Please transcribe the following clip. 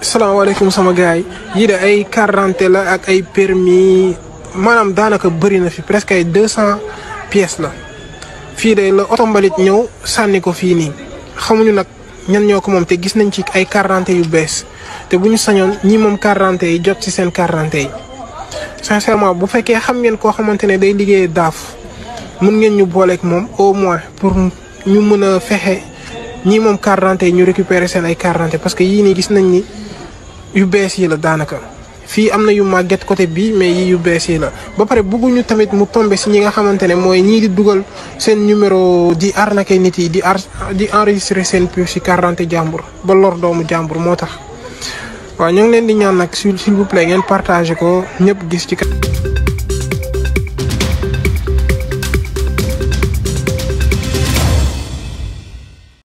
salaamaaleykum sama gars yi yii de ay quarante la ak ay permis maanaam daanaka bëri na fi presque ay deux cent pièces la fii de la oto mbalit ñëw sànni ko fii nii xamuñu nag ñan ñoo ko moom te gis nañ ci ay quarante yu bees te bu ñu sañoon ñi moom quarante yi jot ci seen quarante yi sincèrement bu fekkee xam ngeen koo xamante ne day liggéey daaf mën ngeen ñu booleek moom au moins pour ñu mën a fexe ñii moom carte yi ñu récupérer seen ay carte d'identité parce que yii nii gis nañ ni yu bees yi la daanaka fii am na yu màgget côté bii mais yii yu bees yi la ba pare bëgguñu tamit mu tombe si ñi nga xamante ne mooy ñii di dugal seen numéro di arnaquer nit yi di ar di enregistrer seen puce si carte d'identité jàmbur ba lor doomu jàmbur moo tax waaw ñoo ngi leen di ñaan nag s'il vous plaît ngeen partager ko ñëpp gis ci kat